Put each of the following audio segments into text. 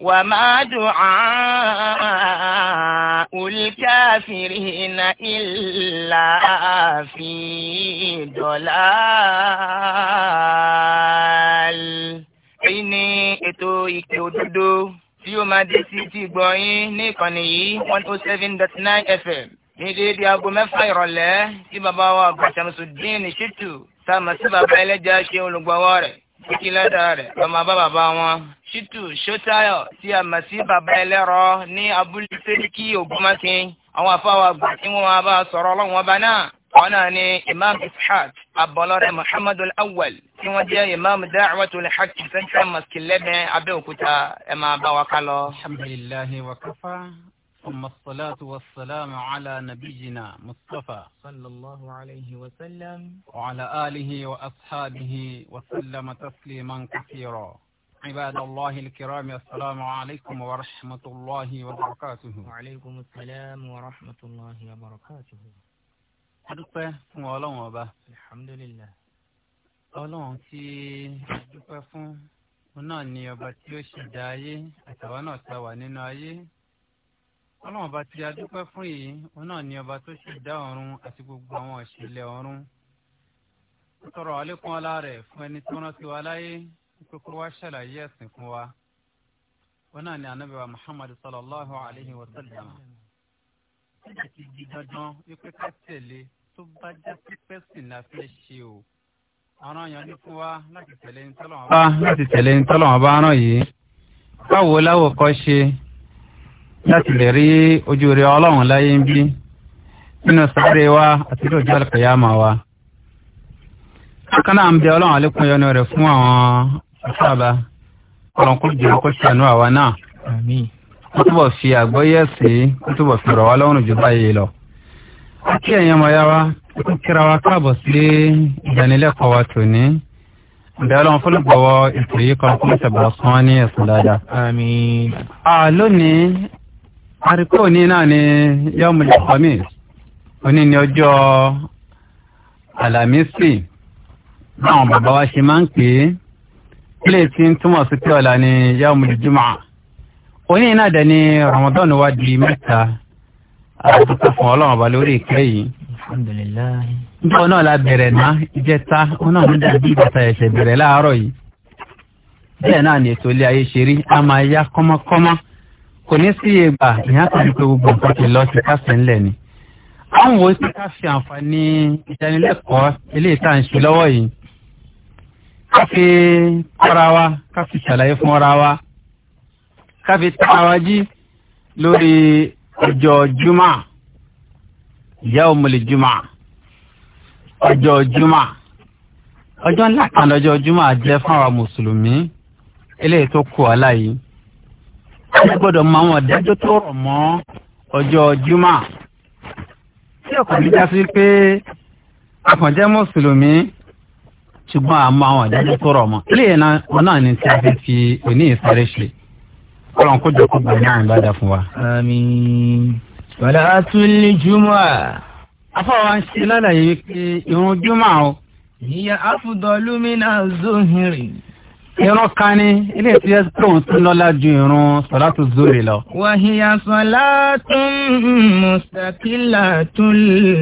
وما دعاء الكافرين إلا في ضلال èyí ni ètò ìpè òdodo tí ó máa dé sí ti gbọ̀nyìn ní ìkànnì yìí one oh seven dot nine fm ní déédéé aago mẹ́fà ìrọ̀lẹ́ tí bàbá wa àgbà Ṣàmsùdíìnì Ṣítù tá a mọ̀ sí bàbá ẹlẹ́jà ṣe olùgbọ̀wọ́ rẹ̀ kíkí lẹ́dàá rẹ̀ lọ́mọ bá bàbá wọn ṣítù ṣótáyọ̀ tí a mọ̀ sí bàbá ẹlẹ́rọ ní abúlé sẹ́ríkì ògúnmákin àwọn afáwà àgbà tí wọ́n máa bá a sọ̀rọ̀ ọlọ́run ọba náà wọn náà ni imam ishaq abọlọrẹ muhammadu awwal tí wọ́n jẹ́ imam da'watul haqq central mosque lẹ́bẹ̀ẹ́ abẹ́òkúta ẹ̀ máa bá wa kálọ. alhamdulilayi wa kafa. ثم الصلاة والسلام على نبينا مصطفى صلى الله عليه وسلم وعلى آله وأصحابه وسلم تسليما كثيرا عباد الله الكرام السلام عليكم ورحمة الله وبركاته وعليكم السلام ورحمة الله وبركاته adúpẹ́ fún ọlọ́run ọba. alhamdulillah. ọlọ́run tí adúpẹ́ fún òun náà ni ọba tí ó ṣẹ̀dá ayé àtàwọn náà ta wà nínú ayé. ọlọ́run ọba tí adúpẹ́ fún yìí òun náà ni ọba tó ṣẹ̀dá ọ̀run àti gbogbo àwọn ìṣẹ̀lẹ̀ ọ̀run. ó tọrọ àlékún ọlá rẹ̀ fún ẹni tó rán sí wa láyé pé kó wá ṣàlàyé ẹ̀sìn fún wa wọn náà ní ànábì wa muhammad sallallahu alayhi wa sallam ẹ̀jẹ̀ ti di dandan wípé ká tẹ̀lé tó bá já pípẹ́ sìn la fẹ́ ṣe o àwọn èèyàn ní fún wa láti tẹ̀lé ní tọ́lọ́wọ́n bá láti tẹ̀lé ní tọ́lọ́wọ́n bá rán yìí báwo láwò kọ́ ṣe láti lè rí ojú rẹ ọlọ́run láyé ń bí nínú sáré wa àti lójú àlùkìyámà wa. bákan ń bẹ ọlọ́run àlékún yọnu rẹ̀ fún àwọn sábà kọlọ́nkú jẹ́ kó ṣàánú àwa náà kó túbọ̀ fi àgbọ́yé sí kó túbọ̀ fi rọ̀ wá lọ́rùn jù báyìí lọ. kí ẹ̀yin ọmọ ya wa kó kíra wa káàbọ̀ sí ìdánilẹ́kọ̀ọ́ wa tòní ìdáhùn fúlùgbọ̀wọ́ ètò yìí kan kó mọ̀tàbà sán ní ẹ̀sùn dáadáa. lónìí àríkò òní náà ni yọmùlẹ̀ kọ́mí òní ni ọjọ́ àlàmísì báwọn bàbá wa ṣe máa ń pè é ilé tí ń túmọ̀ sí pé ọ̀la ni yawmul jumu'ah oní iná dẹ̀ ni Ramadan wa di mẹ́ta àdúgbò fún ọlọ́run ọba lórí ìkẹ́ yìí. nítorí náà la bẹ̀rẹ̀ ná ìjẹta ọ̀nà mi dàbí ìbàtà ẹ̀ṣẹ̀ bẹ̀rẹ̀ láàárọ̀ yìí. bẹ́ẹ̀ náà ni ètò ilé ayé ṣe rí a máa yá kọ́mọ́kọ́mọ́ kò ní sí iye gbà ìyá kan pé gbogbo nǹkan ti lọ sí káfíń lẹ̀ ni. àwọn wo ti ká fi àǹfààní ìdánilẹ́kọ̀ọ́ ilé ìta ń ṣe lọ́wọ́ yìí káfi kọ́ra wa káfi ṣàlàyé fún ọ̀ra wa káfi tara wa jí lórí ọjọ́ juma yaumul juma ọjọ́ juma ọjọ́ ńlá kan lọ́jọ́ juma jẹ́ fún àwa mùsùlùmí eléyìí tó kù ọ́ láyìí ẹ gbọ́dọ̀ mọ àwọn ọ̀dájọ́ tó rọ̀ mọ́ ọjọ́ juma tí ọkàn mi pé àkànjẹ́ mùsùlùmí ṣùgbọ́n a máa wọn ìdájọ́ tó rọ̀ mọ́ eléyìí náà náà ní tí a fi fi òní ìsáré ṣe kọ́lọ́n kó jọ kó gbà ní àyìnbá dà fún wa. àmín wàlá atúlẹ̀ jùmọ̀ à. afọwọ́ ń ṣe lálàyé wípé irun jùmọ̀ o. ìyá afudọ́lù mi irun kan ilé tí ẹ tóun tún lọ́lá ju irun sọ̀látù zuri lọ. wàhíyà sọ̀látùn mùsàkìlà tún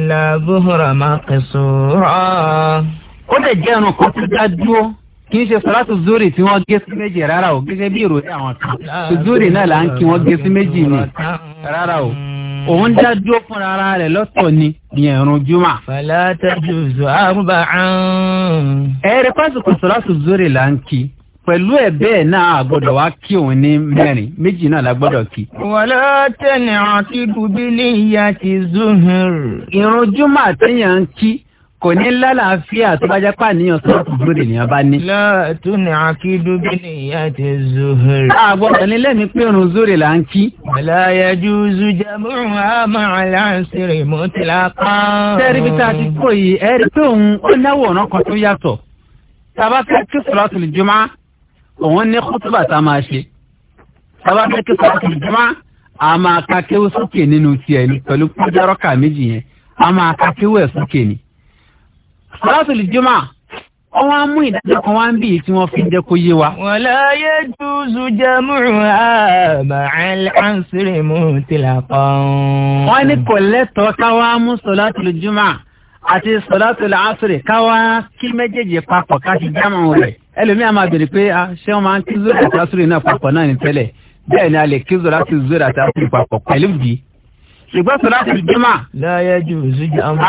làbúrò máa kẹsùrọ̀ ó dẹ̀ jẹ́ irun kan tó dá dúró kì í ṣe sọ́láṣù zúrì tí wọ́n gé sí méjì rárá o kì bí ìròyìn àwọn kan zúrì náà là ń kí wọ́n gé sí méjì ni rárá o òun dá dúró fúnra ara rẹ̀ lọ́tọ̀ ni ìyẹn irun juma. fàlà tẹ́jú zọ àrùbà án. ẹ̀rẹ̀ pásítọ̀ sọ́láṣù zúrì là ń kí pẹ̀lú ẹ̀ bẹ́ẹ̀ náà a gbọ́dọ̀ wá kí òun ní mẹ́rin méjì náà la kí. wọlé tẹ̀lé àti dùbílẹ̀ ìyá ti zuhur. ìrun juma àtẹ̀yàn ń kí kò ní lálàáfíà tó bá jẹ́ pàníyàn sọ́ọ̀tù lóde nìyàn bá ní. lọ́ọ̀tún ní akídú bí ní ìyá ti zuhuri. àgbọ̀dọ̀ ní lẹ́mìí pé òrùn zúrè là ń kí. àlàyéjú zujàmù àmọ́ aláǹsìrì mú tilá kan. sẹ́ẹ̀rì bí tá a ti kó yìí ẹ rí pé ó náwó ọ̀nà kan tó yàtọ̀. sábà fẹ́ kí sọ̀rọ̀tún jùmọ̀ òun ní kútùbà tá a máa ṣe. sábà fẹ́ kí sọ̀rọ̀tún jùmọ̀ àmọ́ akakéwé sókè nínú tiẹ̀ pẹ̀lú kúndárọ́kà méjì yẹn sọ́látù lè jùmọ̀ ọwọ́ mú ìdájọ́ kan wá ń bí tí wọ́n fi ń jẹ́ kó yé wa. wọ́n láyé jùzù jẹ́múrù àmàlẹ́ ànsírí mú tilà kan. wọ́n ní kò lẹ́tọ̀ọ́ káwá mú sọ́látù lè jùmọ̀ àti sọ́látù lè àṣírí káwá kí méjèèjì papọ̀ káṣí jámọ̀ rẹ̀. ẹlòmíà máa bèrè pé ah, ṣé wọ́n máa ń kí zoro àti àṣírí náà papọ̀ náà ní tẹ́lẹ̀ bẹ́ẹ̀ ni a lè kí zoro àti zoro àti àṣírí papọ̀ pẹ̀lú bíi ṣùgbọ́n sọ́láṣì jẹ́mà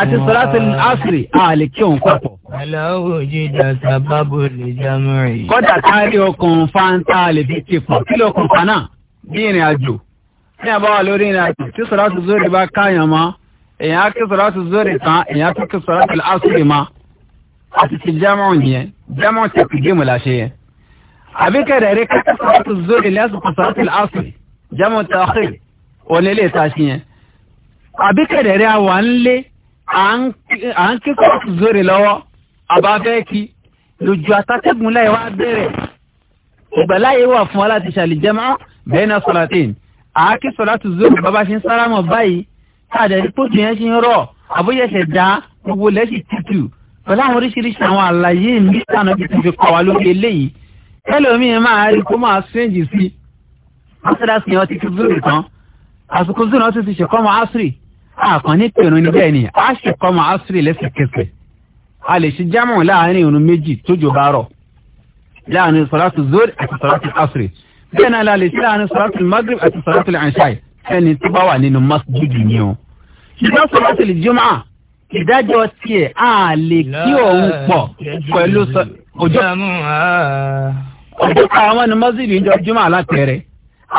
àti sọ́láṣì asiri àlè kí òun pọ̀pọ̀. aláwọ̀ jíjà sábàbò lè jámọ́rì. kọ́dà kárí ọkàn fáńtà lè fi ti pọ̀ kí ló kàn fánà bí ìrìn àjò ní àbáwá lórí ìrìn àjò tí sọ́láṣì zórí bá káyàn mọ́ èèyàn á kí sọ́láṣì zórí tán èèyàn á tún kí sọ́láṣì asiri mọ́ àti ti jámọ́ yẹn jámọ́ ti kì géèmù láṣẹ yẹn. àbíkẹ́rẹ̀ rí kí sọ́láṣì zórí lẹ́sùn kọ́ sọ́láṣì asiri jámọ́ tààkì òní ilé ìtaṣi yẹn àbí kẹ̀dẹ̀rẹ́ àwa ń lé à ń kíkọ́ zòrè lọ́wọ́ àbáfẹ́ kí lójú atátẹ́gùn láì wá bẹ̀rẹ̀ ìgbàláyé wà fún wa láti ṣàlìjẹ́mọ́ bẹ́ẹ̀ náà sọ̀ràtìn àáké sọ̀ràtù zòrè bàbá ṣe ń sáramọ̀ báyìí káàdà ìpòtù yẹn ṣe ń rọ̀ àbóyẹ̀ṣẹ̀ dá gbogbo lẹ́sì tútù pẹ̀lú àwọn oríṣiríṣi àwọn àlàyé ní ìtànà ti ti fi kọ́ wa lórí eléyìí ẹlòmíín máa rí kó máa sẹ́ǹjì sí i wọ́n ṣẹ́dá sí ti ti zòrè tán àsìkò zòrè wọ́n ti ti ṣèkọ́ mọ́ àṣírí àkànní pèrún ní bẹ́ẹ̀ ni a ṣe kọ́mọ asiri lẹ́sẹ̀kẹsẹ̀ a lè ṣe jámọ̀ láàrin irun méjì tójò bá rọ̀ láàrin sọ̀rọ̀tù zori àti sọ̀rọ̀tù asiri bẹ́ẹ̀ náà la lè ṣe láàrin sọ̀rọ̀tù magrib àti sọ̀rọ̀tù anṣai ẹni tó bá wà nínú masjidi ni o. ṣùgbọ́n sọ̀rọ̀tù lè jùmọ̀ à ìdájọ́ tiẹ̀ a lè kí òun pọ̀ pẹ̀lú ọjọ́ àwọn ni masjidi ń jọ jùmọ̀ alátẹ̀rẹ̀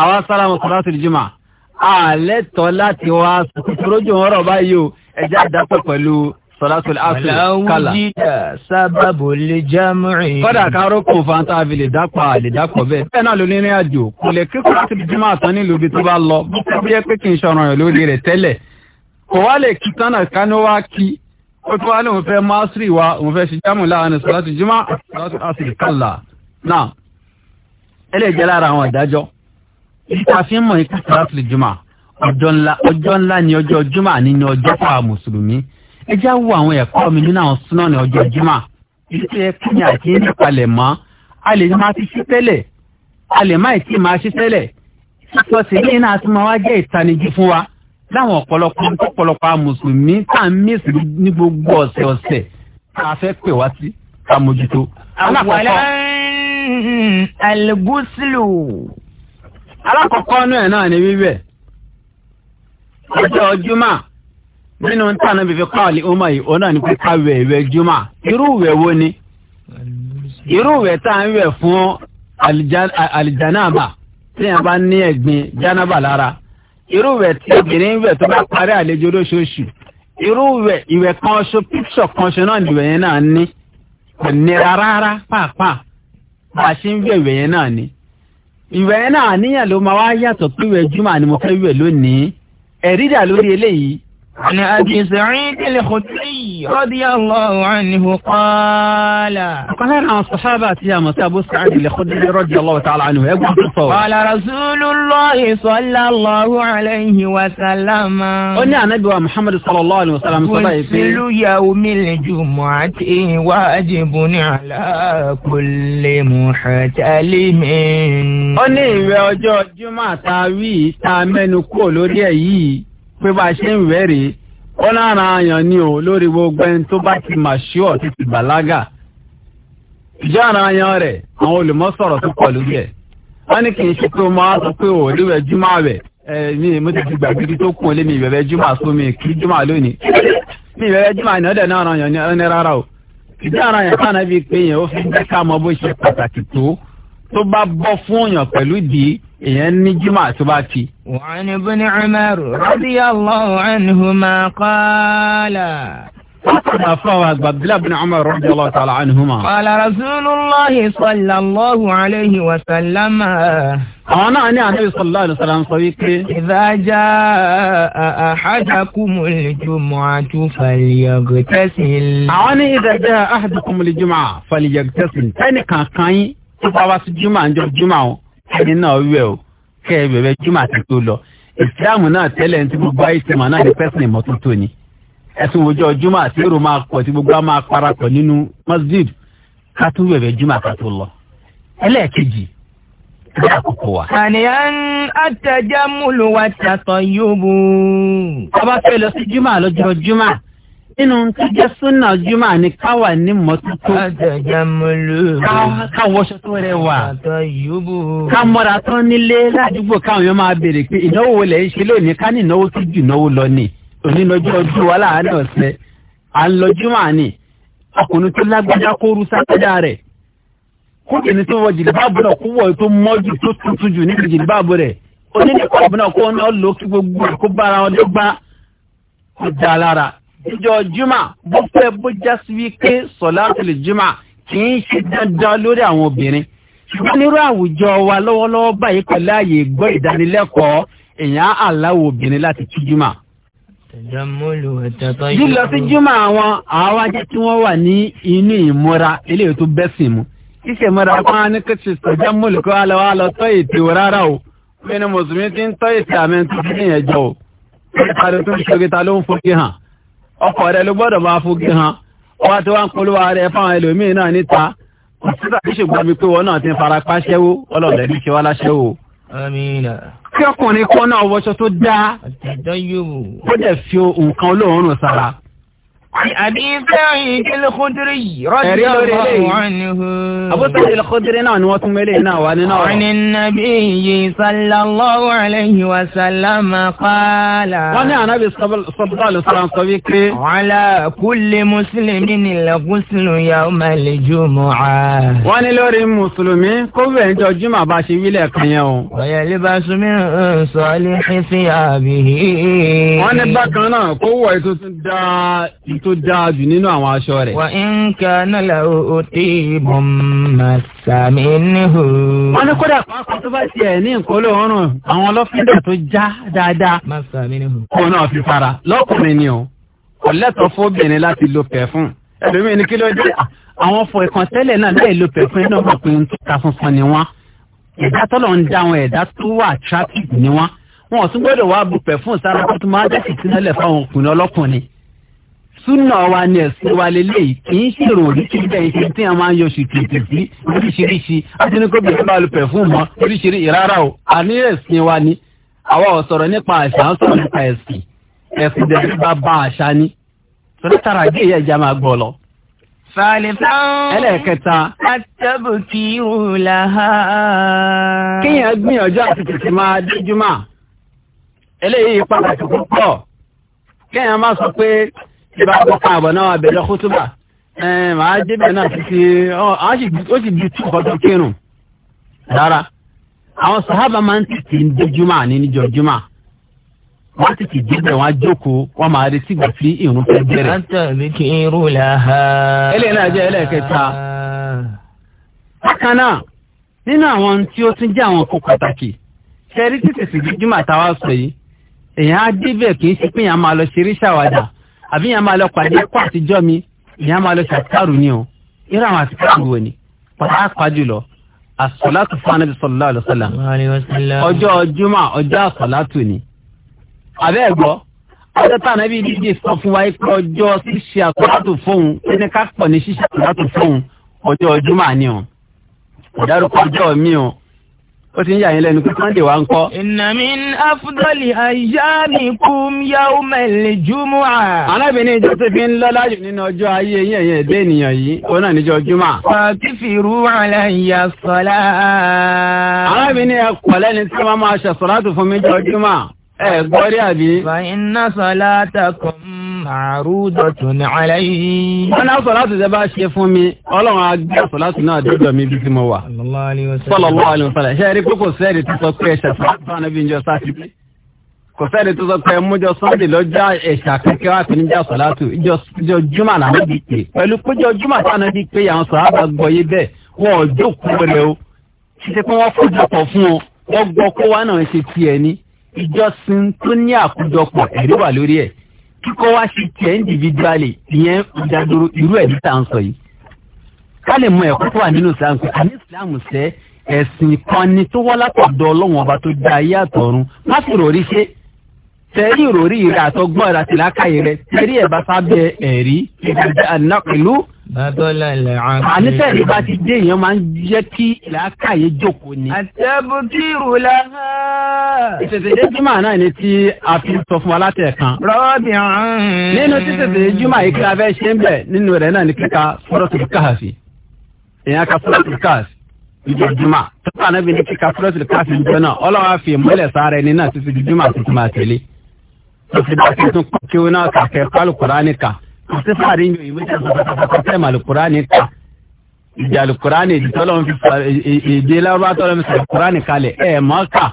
àwọn sálámù sọ̀rọ̀tù jùmọ̀ àlẹ́ tọ́ láti wá sọ́jọ́ ọ̀rọ̀ báyìí o ẹja dápẹ́ pẹ̀lú sọ́látùl áfíì kálá. àlàújídà sábàbò lè jámùrì. kọ́dà káró kò fanta àfi lè dápa lè dápọ̀ bẹ́ẹ̀. bẹ́ẹ̀ náà ló ní ìrìn àjò kò lè kíkọ́ láti bí máa tán nílùú ibi tó bá lọ bí ẹ pé kì í ṣọ̀ràn rẹ̀ lórí rẹ̀ tẹ́lẹ̀. kò wá lè kí tánà wa òun náà ẹlẹ́jẹ̀ ìta fi ń mọ̀ ikú sàlátùlù jùmọ̀ ọjọ́ ńlá ni ọjọ́ jùmọ̀ nínú ọjọ́ fún àwọn mùsùlùmí ẹ já wo àwọn ẹ̀kọ́ mi nínú àwọn súná ní ọjọ́ jùmọ̀ ìṣe kíni àti ní ìpalẹ̀ mọ́ a lè máa ti ṣí tẹ́lẹ̀ a lè má ìtì máa ṣí tẹ́lẹ̀ sọ sí ní iná àti máa wá jẹ́ ìtanijí fún wa láwọn ọ̀pọ̀lọpọ̀ ọ̀pọ̀lọpọ̀ àwọn mùsùlùmí tá à ń mèsì ní gbogbo ọ̀sẹ̀ ọ̀sẹ̀ tá a fẹ́ pè wá sí ká mójútó. àwọn àlẹ́ àlùbúsùlù alákọ̀ọ́kọ́ náà náà ni wíwẹ̀ ọjọ́ juma nínú tànà bíbí káàlì ọmọ yìí òun náà ni pé ká wẹ̀ ìwẹ̀ juma irú ìwẹ̀ wo ni irú ìwẹ̀ tá à ń wẹ̀ fún alìjánáàbà tí yẹn bá ní ẹ̀gbin jánáàbà lára irú ìwẹ̀ tí obìnrin wẹ̀ tó bá parí àlejò lóṣooṣù irú ìwẹ̀ ìwẹ̀ kan ṣo píṣọ̀ kan ṣo náà nìwẹ̀ yẹn náà ní kò nira rárá pàápàá bá a ṣe ń wẹ̀ ìwẹ̀ yẹn náà ní ìwẹ̀ náà níyàn ló máa wá yàtọ̀ pé ìwẹ̀ jùmọ̀ ni mo fẹ́ wẹ̀ lónìí ẹ̀rí dà lórí eléyìí عن أبي سعيد الخدري رضي الله عنه قال قال عن الصحابة يا مساء أبو سعيد الخدري رضي الله تعالى عنه قال رسول الله صلى الله عليه وسلم قلنا نبوى محمد صلى الله عليه وسلم كل يوم الجمعة واجب على كل محتل من قلنا ìwẹ̀ ọjọ́ Jímọ̀ tá كل wí pé bá a ṣe ń wẹ́rìí ó lára àyàn ni o lórí gbogbo ẹni tó bá ti mà ṣíọ̀ títí bàlágà ìjọ ara àyàn rẹ̀ àwọn olùmọ̀sọ̀rọ̀ tó pọ̀ lórí ẹ̀ wọ́n ní kì í ṣe pé o máa sọ pé o ríwẹ̀ júmọ̀ àwẹ̀ ẹ mi mo ti fi gbàgede tó kún lé mi ìbẹ̀rẹ̀ júmọ̀ sún mi kí júmọ̀ lónìí mi ìbẹ̀rẹ̀ júmọ̀ àná ọ̀dẹ̀ náà ràn yàn ní rárá o ìjọ ara àyàn kánà bíi pé yẹn ó fi jẹ́ ìyẹn جماعة باتي وعن ابن عمر رضي الله عنهما قال radiyallahu anhuma عبد الله بن عمر رضي الله تعالى عنهما قال رسول الله صلى الله عليه وسلم أنا أنا النبي صلى الله عليه وسلم صديقي إذا جاء أحدكم الجمعة فليغتسل أنا إذا جاء أحدكم الجمعة فليغتسل أنا كان كاي تبغى الجمعة نجيب الجمعة ẹni náà wẹ̀ o kẹ́ ẹ bẹ̀rẹ̀ jùmọ̀ àti tó lọ ìsìláàmù náà tẹ́lẹ̀ ní ti gbogbo ayé ti mọ̀ náà ní pẹ́sìn ìmọ́tótó ni ẹ̀sùn òjò jùmọ̀ àti èrò máa pọ̀ tí gbogbo á máa parapọ̀ nínú masjid ká tún bẹ̀rẹ̀ jùmọ̀ àti tó lọ. ẹlẹ́ẹ̀kejì ní àkókò wa. àníyàn àtẹjẹmúlùwà tàkàn yóò bù. ọba fẹ́ lọ sí jùmọ̀ àlọ́jọ́ jùmọ̀ nínú tó jẹ́ súnà jùmọ̀ ni káwà ní mọ́tótó. àtàjà mọ́lò. káwọṣọ tó rẹwà. àtọ yòóbù. ká mọ́ra tán nílé ládùúgbò káwọn yóò máa béèrè pé ìnáwó wo lẹ̀ ń ṣe lónìí ká ní ìnáwó tó jù náwó lọ ni onílọ́jọ́ ojú wa láàárín ọ̀sẹ̀ à ń lọ jùmọ̀ ni ọkùnrin tó lágbájá kó rú sátájà rẹ̀ kókìnrin tó wọ jìlìbáàbù náà kó wọ tó mọ́jú tó tuntun jù níbi jìlìbáàbù rẹ̀ onílẹ̀kọ̀ọ́bù ọjọ́ juma bó fẹ́ bó já sí wípé sọ̀láàtìlì juma kì í ṣe dandan lórí àwọn obìnrin ṣùgbọ́n nírú àwùjọ wa lọ́wọ́lọ́wọ́ báyìí pẹ̀lú ààyè gbọ́ ìdánilẹ́kọ̀ọ́ èèyàn aláwọ̀ obìnrin láti kí juma. lílọ sí juma àwọn àwọn ajé tí wọ́n wà ní inú ìmúra eléyìí tó bẹ́sìn mu kíṣe mọ́ra fún wa ní kíṣe sọ̀já mọ́lùkọ́ alọ́wọ́ alọ́tọ́ ètò rárá o bí ni mùsùlùmí ti ń tọ́ ètò àmì tuntun yẹn jọ o. ó ti parí tó ń ṣe oge ta ló ń forí hàn ọkọ̀ rẹ ló gbọ́dọ̀ máa fogi hàn ọwọ́ tí wọ́n ń polówó ara ẹ fáwọn ẹlòmíín náà níta kò sí tàbí ṣùgbọ́n mi pé wọn náà ti ń fara páṣẹ́wó ọlọ́dẹ ní kí wọ́n láṣẹ́wó. kí ọkùnrin kan náà wọṣọ tó dáa ó dẹ̀ fi nǹkan olóòórùn sára. Àbí Sa'id al-Khudri radiyallahu anhu. Abu Sa'id al-Khudri náà ni wọ́n tún mẹ́lẹ̀ náà wà nínú ọ̀rọ̀. Ani nabiyyi sallallahu alayhi wa sallam qala. Wọ́n ní ànábì sallallahu alayhi wa sallam sọ wípé. Ala kulli muslimin al-ghuslu yawma al-jumu'ah. Wọ́n ní lórí Mùsùlùmí jọ Júmọ̀ bá ṣe wílẹ̀ kan yẹn o. Wa yalbasu min salihi thiyabihi. Wọ́n ní bákan náà kó wọ̀ ètò tún dáa tó dáa jù nínú àwọn aṣọ rẹ̀. wà ń ka nàlà o tí mo máa sàmì níhò. wọ́n ní kódà pàápàá tó bá tiẹ̀ ní nǹkan olóòórùn àwọn ọlọ́fíńdà tó já dáadáa. máa sàmì níhò. kó náà fi para lọ́kùnrin ni o kò lẹ́tọ̀ọ́ fóbìnrin láti lo pẹ̀fún ẹlòmíì ní kí ló dé àwọn ọ̀fọ̀ ìkàntẹ́lẹ̀ náà láì lo pẹ̀fún iná mọ̀ pé ń tó ta funfun ni wọ́n ẹ̀dá tọ́lọ̀ ń dá wọn ẹ̀dá tó wà traffic ni wọ́n wọn ò tún gbọ́dọ̀ wá bu pẹ̀fún sára tó tún máa dẹ́sì sínú ẹlẹ́fọ́ súnà wa ni ẹ̀sìn wa lélẹ́yìí kì í ṣèrò oríṣi bẹ́ẹ̀ ṣe tí a máa ń yọ ṣùtìtì sí oríṣiríṣi àtinúkọ́bì tó bá lu pẹ̀fúmù mọ́ oríṣiríṣi rárá o àní ẹ̀sìn wa ni àwa ò sọ̀rọ̀ nípa àṣà ń sọ̀rọ̀ nípa ẹ̀sìn ẹ̀sìn dẹ̀ bá ba àṣà ni sọ̀rọ̀ tàrà gé ìyá ìjà máa gbọ́ lọ. fàlìfàn ẹlẹ́ẹ̀kẹta. àtẹ̀bùtì ìhùlà. kíyàn gbìyànjú àti tètè máa dójúmọ́ tí bá kọ́ fún àbọ̀ náà àbẹ̀rẹ̀ kútúbà màá débẹ̀ náà títí ó sì di tún ọdún kírun rárá àwọn sàhábà máa ń tètè ń dé àní níjọ jùmọ̀ wọ́n ti débẹ̀ wọ́n á jókòó wọ́n máa retí gbà fẹ́ náà jẹ́ ẹlẹ́ẹ̀kẹta. bákan náà nínú àwọn tí ó tún jẹ́ àwọn pàtàkì ṣe rí àtàwọn sọ yìí èèyàn á débẹ̀ kì í ṣe pé máa lọ àbí yàn máa lọ pàdé kó àtijọ́ mi yàn máa lọ ṣàtàrù ni o irú àwọn àtìkárù wo ni pàápàá jùlọ àsọ̀látù fún anábì sallallahu alaihi wasallam ọjọ́ juma ọjọ́ àsọ̀látù ni àbẹ́ ẹ̀gbọ́ ọjọ́ tá ànábì dídì sọ fún wa pé ọjọ́ ṣíṣe àsọ̀látù fóun ẹni ká pọ̀ ní ṣíṣe àsọ̀látù fóun ọjọ́ juma ni o ọ̀dàrúkọ ọjọ́ mi o ó ti ń yà yín lẹ́nu pé sunday wa ń kọ́. inna min afdali ayyamikum yawmal jumu'ah. alábìnrin ìjọ tó fi ń lọ́lá jù nínú ọjọ́ ayé yẹn yẹn dé ènìyàn yìí òun náà níjọ́ júmọ̀. fàtífìrú alayya sọ́lá. alábìnrin ẹ kọ̀ lẹ́ni tí wọ́n máa ṣe sọ́lá tó fún mi jọ júmọ̀. ẹ gbọ́ rí àbí. fa inna salatakum màrúdọ̀tún aláyé. wọn náà sọlá ti sẹba ṣe fún mi Ọlọ́run agbẹ sọlá ti náà dọdọ mi bí tí mo wà. sallallahu alaihi wasallam ṣe é rí pé kò sẹ́ẹ̀rì tó sọ pé ẹ̀ṣẹ̀ fún àtúntàn níbi ìjọ sátidé kò sẹ́ẹ̀rì tó sọ pé mújọ sunday lọ́jọ́ ẹ̀ṣà kékeré wà fún níjà sọlá tù ìjọ júmọ̀ làwọn ti pè pẹ̀lú péjọ júmọ̀ táwọn ti pè àwọn sọlá bá gbọ́ yé bẹ́ẹ̀ wọn ò jókòó rẹ o kíkọ́ wá sí tiẹ̀ individually ìyẹn ìdádúró irú ẹ̀ ní tàn sọ yìí ká lè mọ ẹ̀kọ́ tó wà nínú islam pé àní islam sẹ́ ẹ̀sìn kan ni tó wá látọ̀dọ̀ ọlọ́wọ́n ọba tó dá ayé àtọ̀run má sì rò rí ṣe tẹ̀rí ìròrí rẹ̀ àtọgbọ́n rẹ̀ àti làákàyè rẹ̀ tẹ̀rí ẹ̀ bá sábẹ́ ẹ̀rí ìdájọ́ àná pẹ̀lú Bàdọ́là ilẹ̀ á. Àníṣe ìlú bá ti dé èèyàn máa ń jẹ́ kí làákàyè jókòó ni. Àtẹ̀bùtìrù la ha. Ìṣẹ̀ṣẹ̀dé Júmọ̀ náà ni tí a fi sọ fún wa látẹ̀kan. Rọ́ọ̀bì ọ̀hún. Nínú ṣíṣẹ̀ṣẹ̀dé Júmọ̀ yìí kí a fẹ́ ṣe ń bẹ̀ nínú rẹ̀ náà ni kíka Suratul Kahfi. Èèyàn ka Suratul Kahfi ìjọ Júmọ̀. Tọ́ka náà fi ní kíka Suratul Kahfi kò sí fàárí yín òyìnbó tẹ̀ sọ pátápátá tẹ̀ mà ta ìjà tọ́lọ́mù fi sọ èdè lárúbá tọ́lọ́mù sọ lùkùránì kalẹ̀ ẹ̀ mọ́ kà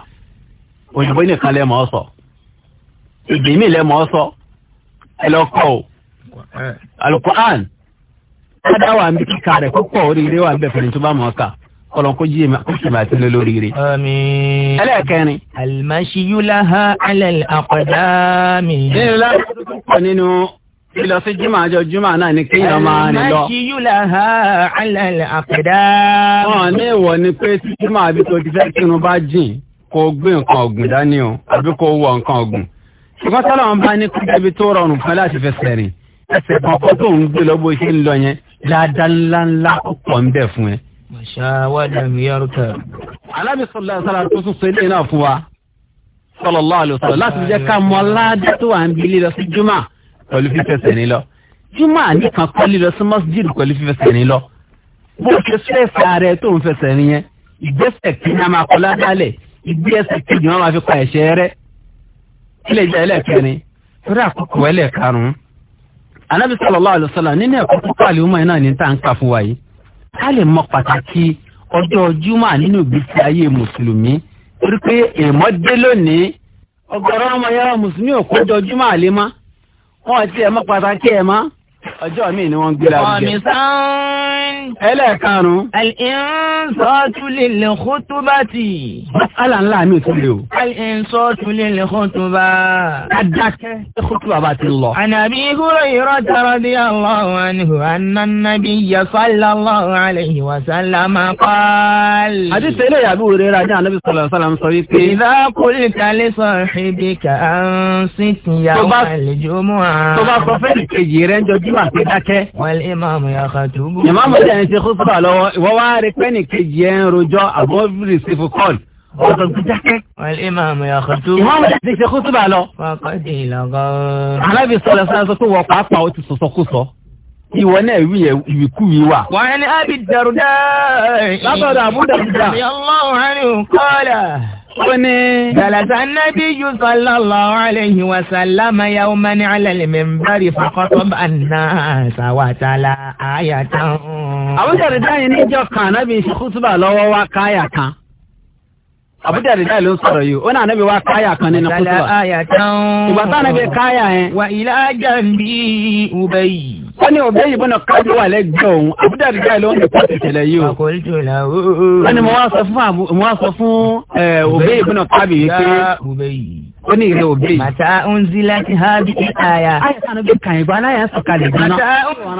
òyìnbó nìkan lẹ́ mọ́ sọ èdè mi mọ́ sọ ẹ lọ kọ́ o alukur'an kádà wà ń bí kíkà rẹ̀ kó pọ̀ oríire wà ń bẹ̀ fẹ̀rẹ̀ tó bá mọ́ kà kọlọ́n kó jíye kó sì máa tẹ́lẹ̀ lórí rẹ̀. àmín. ẹlẹ́ẹ̀kẹrin. alimasiyu laha alal akadami. nínú láti nínú lílọ sí jimá àjọ jimá náà ni kéèyàn máa rìn lọ. àìmáṣí yóò là ha àlàlẹ̀ àpẹ̀dá. wọn ní ìwọ ni pé tí jimá àbí tó ti fẹ́ kírun bá jìn kó o gbé nǹkan ọ̀gùn dání o àbí kó o wọ nǹkan ọ̀gùn. ṣùgbọ́n sọ́lá wọn bá ní kó débi tó rọrùn fún ẹ láti fẹsẹ̀ rìn ẹsẹ̀ kan kó tó ń gbé lọ bó ṣe ń lọ yẹn dáadáa ńláńlá ó pọ̀ ń bẹ̀ fún ẹ. alábìsọ̀lá pẹ̀lú fífẹsẹ̀ ní lọ júmọ́ àníkan kọ́ lílọ sí mọ́sídìrì pẹ̀lú fífẹsẹ̀ ní lọ bó o ṣe fẹ́ẹ̀sẹ̀ ara ẹ tó ń fẹsẹ̀ ní yẹn ìgbésẹ̀ kí ni a máa kọ́ ládàálẹ̀ ìgbésẹ̀ kí ni wọ́n máa fi pa ẹ̀ṣẹ̀ rẹ kílẹ̀ jẹ́ ẹlẹ́kẹrin torí àkókò ẹlẹ́karùn-ún anábì sallallahu alaihi wasallam nínú ẹ̀kọ́ púpọ̀ àlùmọ́ iná ní tá à ń kà fún wa yìí ká lè mọ ọmọ yàrá mùsùlùmí ò kó jọ júmọ́ àlè máa wọn ti ẹ̀ mọ́ pàtàkì ẹ̀ mọ́ ọjọ́ mi ni wọ́n gbéra jẹ. ọ̀mì sáà. ẹlẹ́ẹ̀karùn-ún. الإنصات للخطبة مسألة ńlá mi tún lè o. الإنصات للخطبة. adákẹ́ kútùbà bá ti lọ. عن أبي هريرة رضي الله عنه أن النبي صلى الله عليه وسلم قال. àti tẹ́lẹ̀ yàgbé òré ra ní ànábì sọ̀rọ̀ sọ̀rọ̀ sọ wípé. إذا قلت لصاحبك أنصت يوم الجمعة. tó bá sọ fẹ́ẹ̀lì kejì rẹ̀ ń jọjú àti dákẹ́. wal imam يخطب. ìmáàmù jẹ́ ẹni tí kútùbà lọ́wọ́ ìwọ́ wá rí pẹ́ẹ́nì kejì ẹ̀ ń rojọ́ àbọ̀ rìsífù kọ́ọ̀lù ọ̀dọ̀ gbẹdákẹ́. wọ́n lè máa mú yàtọ̀ tó. ìmáàmù dàdí ṣe kó túbà lọ. wọn kọ́ di ìlọ́gọ́. alábi sọ̀rọ̀ sọ̀rọ̀ sọ pé wọ́n pàápàá ó ti sọ̀sọ̀ kó sọ. ìwọ náà wí yẹ ìwìkú yìí wà. wọ́n ní abi dàrúdà. lábàdàn àbúdàrúdà. ìyá ọlọ́run Ó ní. Jàlàtà Nábí sallallahu alayhi wa sallam yawman ala al-minbari faqataba an-nasa wa tala ayatan. Àwọn jàre dáyé níjọ kan nábì ṣe kútùbà lọ́wọ́ wá káyà kan. Àbújá rẹ̀ dáìlú ń sọ̀rọ̀ yìí, ó náà níbi wá káyà kan nínú kútùbà. Ìgbà táwọn níbi káyà yẹn. Wà ìlà jàǹbí Ubayi wọ́n ní ọ̀bẹ yìí bọ́nà káàdì wà lẹ́gbẹ̀ẹ́ òun àbúdá àdìgbà yìí ló ń dìpọ̀ tẹ̀tẹ̀lẹ̀ yìí o. wọ́n ní mo wá sọ fún ọ̀bẹ yìí bọ́nà káàdì yìí pé ó ní ìrẹ òbí. màtá ń zi láti ha bí i àyà. àyàtọ̀ bí kàyìnbó aláyà sọ̀kalẹ̀ gbọ́nà. màtá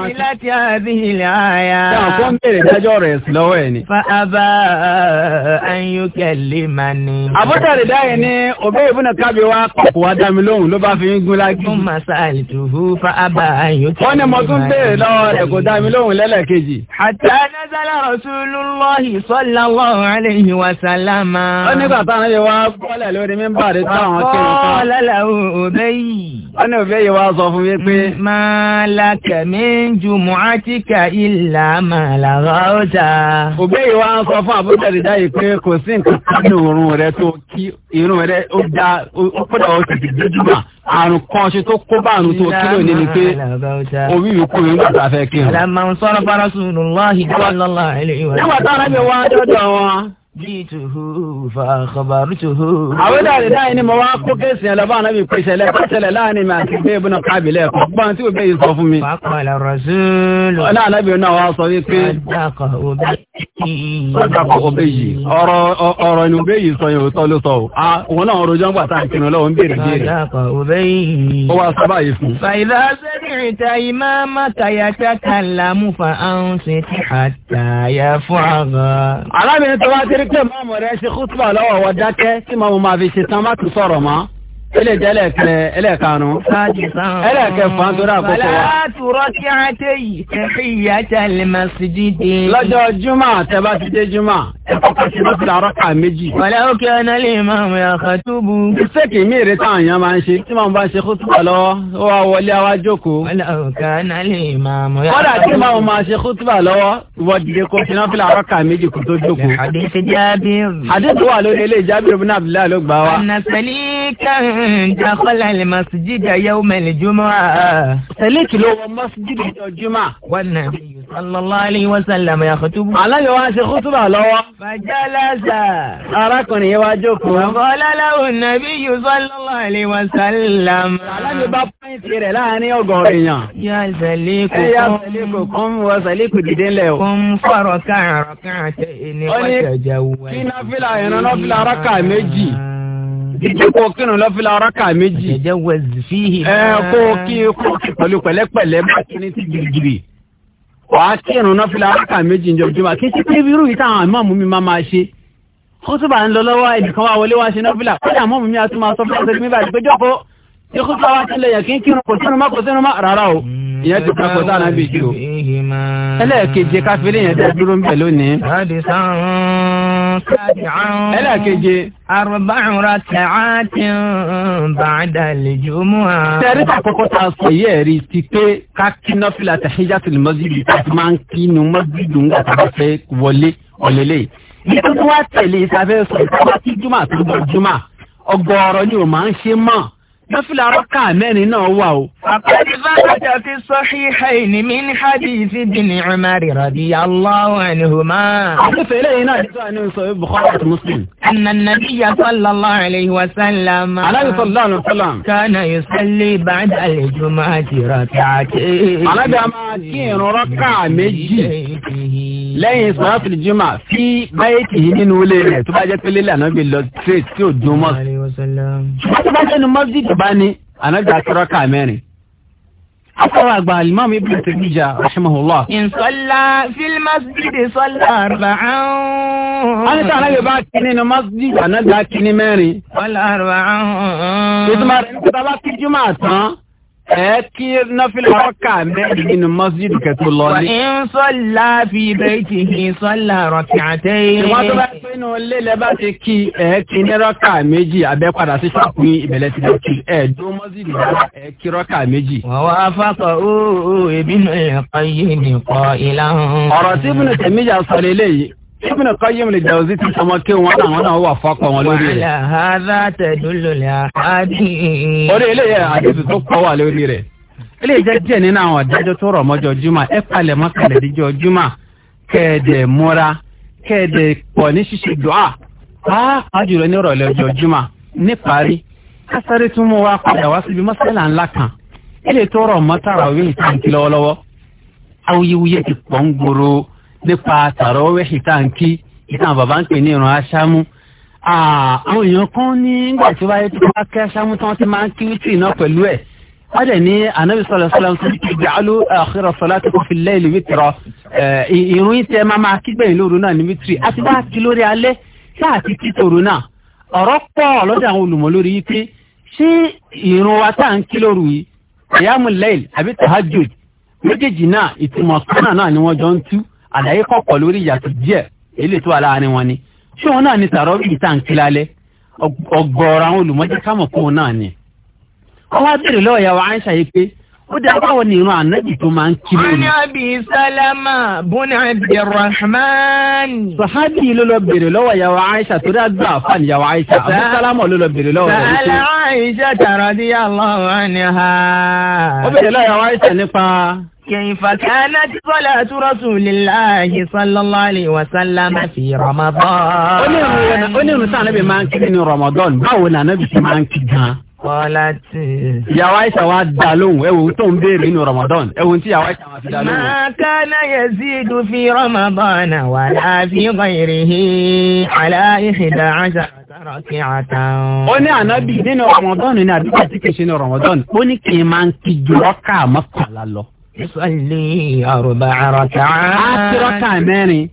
ń láti ha bí i àyà. táwọn kò ń bèrè dájọ́ rẹ̀ lọ́wọ́ ẹ̀ ni. fa abá lè má ní. àbútàrí dáyẹ̀ ni òbí ìbúnà kábí wa kọ̀kọ̀ wa dá mi lóhùn ló bá fi ń gún lági. fún masal tuhu fa abá ayọ̀kẹ́ lè má ní. wọ́n ní mo tún bèrè lọ́wọ́ rẹ̀ kò dá mi lóhùn lẹ́lẹ́kejì pé nǹkan. ọlọ́lá òbẹ́ yìí. wọ́n ní òbẹ́ yìí wá sọ fún mi pé. máa la kẹ̀mí ju mọ́tíkà ìlà máa la rọ́ọ̀tà. òbẹ́ yìí wá sọ fún àbújá dídá yìí pé kò sí nǹkan kan ní òórùn rẹ tó kí irun rẹ ó dá ó kódà ó tètè dójúmọ̀ àrùn kan ṣe tó kó bá àrùn tó kílò ní ni pé orí yìí kò yín gbàgbà fẹ́ kí n. àlàmà ń sọ̀rọ̀ bá jituhu fa khabartuhu. àwọn dáre dáre ni mo wá kó kéésì yẹn lọ́ba ànábì pèsè ẹlẹ́kọ̀tẹ̀lẹ̀ láàrin mi àti bẹ́ẹ̀ bọ́nà kábìlẹ̀ ẹ̀kọ́ gbọ́n tí òbí yìí sọ fún mi. fàkàlà rọ̀ṣúlù. ọ̀nà ànábì náà wá sọ wípé. sọ́dọ̀kọ̀ òbí yìí. sọ́dọ̀kọ̀ òbí yìí ọ̀rọ̀ ọ̀rọ̀ ni òbí yìí sọ yẹn òótọ́ ló sọ o. òun náà rojọ́ ń gbà tá سمعت إمامك يتكلم فأنصت حتى يفرغ arábìnrin tó wá ti rí pé máàmù rẹ̀ ṣe kútùbà lọ́wọ́ wọ dákẹ́ tí màmú máa fi ṣe tán má tún sọ̀rọ̀ mọ́ ẹlẹ́jẹ̀ ẹlẹ́kẹ̀ ẹlẹ́kanu ẹlẹ́kẹ̀ fantora àkókò wa. bàlá turọ́ tí a tẹ yìí kẹ́kẹ́ ìyá tí a lè máa sì jí dé. lọ́jọ́ juma tẹ́bá ti dé juma ẹ̀kọ́ kàṣí ló ti dàrọ́ ká méjì. wàlẹ́ òkè ọ̀nà lè máa mú ẹ̀ka túbú. iṣẹ́ kì í mí ìrètí àwọn èèyàn máa ń ṣe tí màá bá ṣe kútùbà lọ́wọ́ ó wá wọlé àwa jókòó. wàlẹ́ òkè ọ̀nà lè máa mú ẹ̀ka túbú. kọ́dà tí màá máa ṣe kútùbà lọ́wọ́ ìwọ dìde kó ṣe náà fìlà àrọ́kà méjì kó tó jókòó. àdéhùn wà lórí ilé Jábìrì dakhala al-masjida yawma al-jumu'ah. tẹ̀lé kìlọ̀ wọ masjid ìjọ jùmọ̀. wọn nà sallallahu alayhi wa sallam yakhutubu. aláyọ̀ wá ṣe kútùbà lọ́wọ́. fajalasa. arákùnrin yẹn wá jókòó. qala lahu an-nabiyyu sallallahu alayhi wa sallam. aláyọ̀ bá pẹ́ǹtì rẹ̀ láàrin ọgọ́rùn èèyàn. yà sẹ́lẹ̀ kò kún. yà sẹ́lẹ̀ kò kún wọ sẹ́lẹ̀ kò dìde ńlẹ̀ o. kún fọ̀rọ̀ káàrọ̀ káàtẹ̀ ẹni wọ́n jẹjẹ wọ ìjẹ́ kó kírun lọ́fíìlà ọ̀rọ̀kà méjì. ẹ̀jẹ̀ wẹ̀sì fíhì. ẹ kó kí kó kí pẹ̀lú pẹ̀lẹ́pẹ̀lẹ́ bá kíní ti gbìgbì. wàá kírun lọ́fíìlà ọ̀rọ̀kà méjì ń jọjọba kí sí pé irú yìí táwọn àmọ́ mi máa máa ṣe. ó túbà ń lọ lọ́wọ́ ẹnìkan wá wọlé wá ṣe lọ́fíìlà kọ́lé àmọ́ mi á tún máa sọ fún ìyẹn ti pẹ́ pọ́tà náà bì jù. ẹlẹ́ẹ̀keje káfílì yẹn tẹ́ dúró ń bẹ̀ lónìí. ẹlẹ́ẹ̀keje. arúbáhùnra tẹ̀hátì bàdà lìjúmọ́. tẹ́rítà kọ́kọ́ ta sọ yìí ẹ̀rí ti pé ká kíná fìlà tẹ̀híjà tó lè mọ́sídìí tó máa ń kínú mọ́sídìí ńgbà tá a fẹ́ wọlé ọ̀lẹ́lẹ̀ nítorí wá tẹ̀lé ìsàfẹ́ sọ ìtàwá sí jùmọ̀ àti ni ò máa نفل رقع ماني نوواو فقد في الصحيحين من حديث ابن عمر رضي الله عنهما أن النبي صلى الله عليه وسلم عليه صلى الله عليه وسلم كان يصلي بعد الجمعة ركعتين على دماكين ركع مجي lẹ́yìn sọ́ọ́tì jimá fi báyìí nínú ilé rẹ̀ tó bá bá ní ànágbà akẹ́rọ ká mẹ́rin. Afọwọ́ àgbà Alimam Ibn Taymiyyah Rahimahullah. Ìsọ̀lá fil masjid sọ̀lá arba'an. A ní sọ̀rọ̀ yóò bá kíní ní masjid ànágbà kíní mẹ́rin. Sọ̀lá arba'an. Ìtumọ̀ rẹ̀ ní kí bá kí Jum'a tán ẹ kí nọfìlì ọkà mẹ́rin nínú mọ́sídìí kẹ́tọ́ lọ ní. wọ́n fi ibẹ̀ ìtì kì í sọ́lá rọ̀tì àtẹ́. ìwọ́n tó bá pé inú meji ilẹ̀ bá ti kí ẹ kí ní rọ́kà méjì abẹ́ padà sí ṣàkún ìbẹ̀lẹ̀ ti lọ kí ẹ dún mọ́sídìí dára ẹ kí rọ́kà méjì. wọ́n wá fákọ̀ óò ebi náà ẹ̀kọ́ yìí nìkan ìlànà. ọ̀rọ̀ Ibn Qayyim al-Jawzi ti sọmọ kí wọn náà wọn náà wà fọ́pọ̀ wọn lórí rẹ̀. Wàhálà hádà tẹ̀dúlò ní àhádì. Orí eléyẹ àdìsí tó kọ́ wà lórí rẹ̀. Eléyìí jẹ́ díẹ̀ nínú àwọn àdájọ́ tó rọ̀ mọ́jọ Júmọ̀ ẹ palẹ̀ mọ́ kalẹ̀ díjọ Júmọ̀ kẹ́ẹ̀dẹ̀ múra kẹ́ẹ̀dẹ̀ pọ̀ ní ṣíṣe dùá. Pàápàá jùlọ ní ìrọ̀lẹ́ ọjọ́ Júmọ̀ níparí. Kásáré tún mú wa padà wá síbi mọ́sálà ńlá kan. Eléyìí tó nípa tàrọ́wẹ́hì tá à ń kí ìtàn bàbá ń pè ní ìran aṣámú àwọn èèyàn kan ní nígbà tí wáyé tó bá kí aṣámú tí wọ́n ti máa ń kí wítì iná pẹ̀lú ẹ̀ wọ́n dẹ̀ ní anabi sọlá sọlá ń sọ́dọ̀ ìjàlú àkírọ̀ sọlá tó fi lẹ́yìn wítìrọ̀ ìrún ìtẹ́ máa máa kígbẹ̀yìn lóru náà ní wítìrì àti bá kí lórí alẹ́ sáà kí tòru náà ọ̀rọ̀ pọ̀ lọ́dọ̀ àwọn olùmọ̀ àlàyé kọ̀kọ̀ lórí ìyàtọ̀ díẹ̀ èlé tó wà láàrin wọn ni ṣé òun náà ni tààrọ́ ìta ń kílálẹ́ ọgọ́ọ̀rọ̀ àwọn olùmọ́jẹ́ kámọ̀ kóun náà ni. wọ́n wá lọ́wọ́ ìyàwó Aisha yìí pé ó dé abáwọ̀ ní irun ànábì tó máa ń kiri omi. ànábì sálámà bùnà abdulrahman. sàhábì ló lọ bèrè lọ́wọ́ yàwó aisha torí àgbà àfàn yàwó aisha àbí sálámà ló lọ bèrè lọ́wọ́ rẹ̀ wípé. sàlá aisha radiyallahu anha. ó bèrè lọ́wọ́ yàwó aisha nípa. كيف كانت صلاة رسول الله صلى الله عليه وسلم في رمضان. ó ní ìrun tí ànábì رمضان ń kí ní ramadan báwo kọ́láti. ìyàwó àìsà wa dá lóhùn ẹ wò ó tó ń béèrè nínú Ramadan ẹ wò ó tí ìyàwó àìsà wa fi dá lóhùn. máa ká náà yazidu fi Ramadan wà láàfi ghayrihi ala ihda àṣà ó ní ànábì nínú Ramadan ní àbíkà tí kì í ṣe ní Ramadan ó ní kì í máa ń kí ju rọ́kà mọ́kànlá lọ. ìsọ̀lì àrùbà àrọ̀kà. á ti rọ́kà mẹ́rin.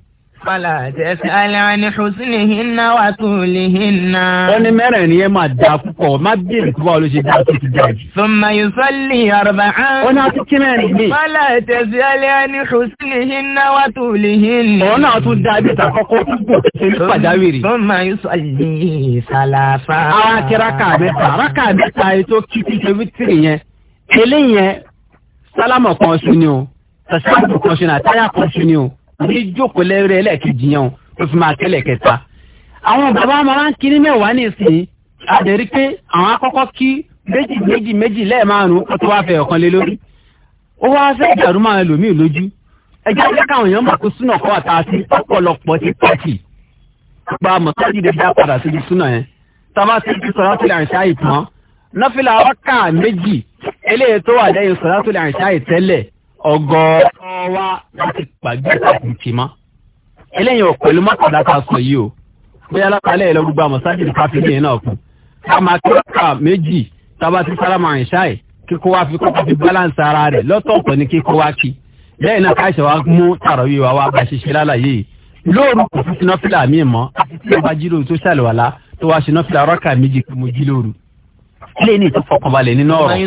Fàlà tẹ̀sí alẹ́ ni Hùsùlì hinna wà tùlì hinna. Ó ní mẹ́rin ni ẹ máa da púpọ̀, má bí èkó bá olóṣè dá tó ti dá jù. Sọ̀mà yóò sọ́lì ọ̀rọ̀bà án. Ó náà tún kí mẹ́rin mi. Fàlà tẹ̀sí alẹ́ ni Hùsùlì hinna wà tùlì hinna. Òun náà tún da bí ìtàkọ́kọ́ tó gbò ṣe pàjáwìrì. Sọ̀mà yóò sọ́lì sàlàfà. Àwọn akẹ́ráka mẹ́ta, ráka mẹ́ta ètò kìkì ṣẹ́fítìrì yẹn. Eléyìí yẹn, sálámọ̀ kan ṣu ní jókòó lẹ́rẹ́ ẹlẹ́ẹ̀kejì yẹn o fi máa kẹ́lẹ̀ kẹta. àwọn bàbá máa ń kiri mẹ́wàá nísìnyí àdèrí pé àwọn akọ́kọ́ kí méjì méjì méjì lẹ́ẹ̀márùn-ún ó ti wá fẹ́ ọ̀kan lé lórí. ó wá fẹ́ dàrú máa lòmíì lójú ẹjẹ́ ẹjẹ́ káwọn èèyàn mọ̀ pé súnà kọ́ àtà sí ọ̀pọ̀lọpọ̀ ti pàtì gba mọ̀tàdì lè dá padà síbi súnà yẹn tábà ti sọ̀rọ̀ tó lè àṣà ìtàn nọ́fìlà ọkà méjì eléyìí tó wà lẹ́yìn sọ̀rọ̀ tó lè àṣà ọgọ́ wa láti gbàgbé àkùnkì mọ́ eléyìí ò pẹ̀lú mọ́tàdá ká sọ yìí o bóyá lákàlẹ́ yìí lọ́dún gba mọ̀sájì ní káfí yẹn náà kù ká máa kí ọ̀ka méjì tába ti sálámà ìṣáì kíkó wá fi kọ́kọ́ fi balance ara rẹ̀ lọ́tọ̀ọ̀tọ̀ ni kíkó wá kí lẹ́yìn náà káṣẹ̀ wá mú tàràwí wa wá bá ṣiṣẹ́ lálàyé lóòrù kò fi sinọ́ fìlà mọ́ àti tí wọ́n bá jí lóru tó ṣàlùwàlá tó wá sinọ́ rọ́kà méjì kí mo jí lóru ilé ní ìtúfọkànbalẹ̀ nínú ọ̀rọ̀.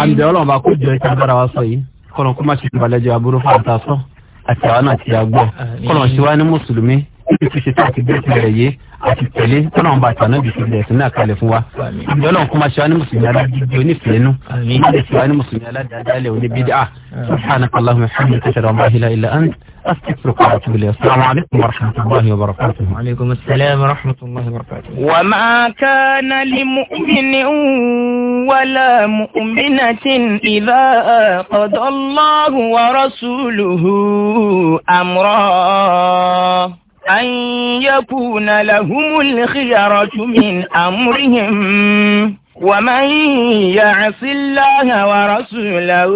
àmì ọlọ́run bá kó jọ ìta bára wa sọ yìí kọ́nà kó má ṣe balẹ̀ jẹ́ aburú fún àtàtọ́ àti àwọn àti àgbọ̀ kọ́nà ṣe wá ní mùsùlùmí ibi tó ṣe tó àti bẹ́ẹ̀ tẹ̀lé yé àti tẹ̀lé tọ́lọ́run bá tàn náà bí ìṣẹ̀lẹ̀ ẹ̀sìn náà kalẹ̀ fún wa. ibi ọlọ́run kó máa ṣe wá ní mùsùlùmí aládìjọ onífẹ̀ẹ́nu má lè ṣe wá ní mùsùlùmí aládàádáálẹ̀ oníbídà. subhanaka allahumma hamdika ashhadu an la ilaha illa anta astaghfiruka wa atubu ilayk. assalamu alaykum wa rahmatullahi wa barakatuh. wa alaykum assalam wa rahmatullahi wa barakatuh. wa ma kana li mu'minin ولا مؤمنة إذا قضى الله ورسوله أمرا أن يكون لهم الخيرة من أمرهم ومن يعص الله ورسوله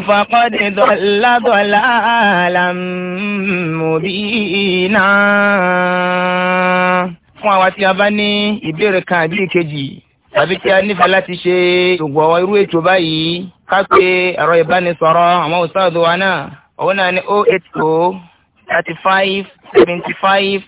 فقد ضل ضلالا مبينا fún àwa tí a bá ní ìbéèrè kan àbí ìkejì tàbí tí a nífẹ̀ẹ́ láti ṣe gbogbo àwọn irú ètò báyìí ká pé ẹ̀rọ ìbánisọ̀rọ̀ àwọn òṣèlú wa náà òun náà ní 080 35 75,